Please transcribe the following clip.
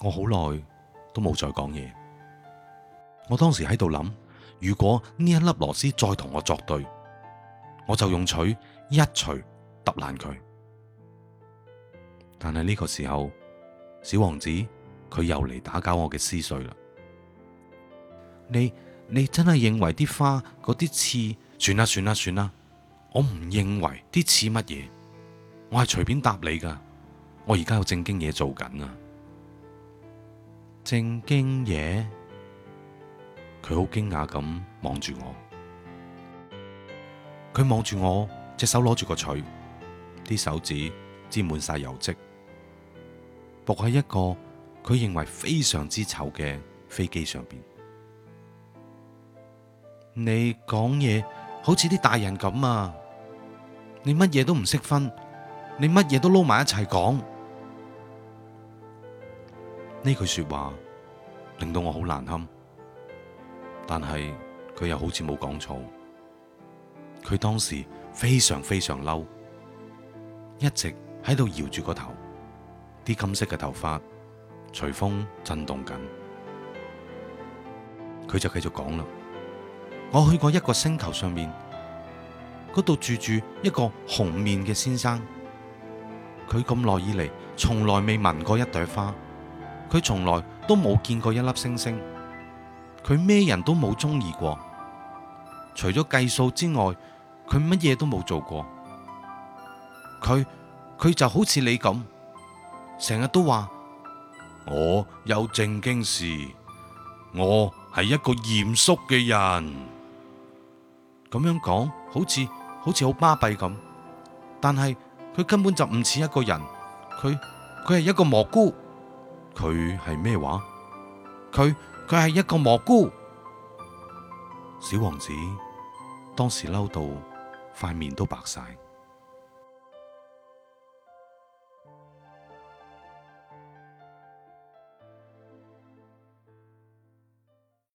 我好耐都冇再講嘢。我當時喺度諗，如果呢一粒螺絲再同我作對，我就用錘一錘揼爛佢。但係呢個時候，小王子佢又嚟打攪我嘅思緒啦。你你真係認為啲花嗰啲刺？算啦算啦算啦，我唔認為啲刺乜嘢。我係隨便答你㗎，我而家有正經嘢做緊啊。正經嘢，佢好驚訝咁望住我。佢望住我，隻手攞住個錘，啲手指沾滿晒油漬，伏喺一個佢認為非常之醜嘅飛機上邊。你講嘢好似啲大人咁啊！你乜嘢都唔識分，你乜嘢都撈埋一齊講。呢句說話。令到我好難堪，但係佢又好似冇講錯。佢當時非常非常嬲，一直喺度搖住個頭，啲金色嘅頭髮隨風震動緊。佢就繼續講啦：我去過一個星球上面，嗰度住住一個紅面嘅先生，佢咁耐以嚟，從來未聞過一朵花。佢從來都冇見過一粒星星，佢咩人都冇中意過，除咗計數之外，佢乜嘢都冇做過。佢，佢就好似你咁，成日都話我有正經事，我係一個嚴肅嘅人，咁樣講好似好似好巴閉咁，但係佢根本就唔似一個人，佢，佢係一個蘑菇。佢係咩話？佢佢係一個蘑菇。小王子當時嬲到塊面都白晒。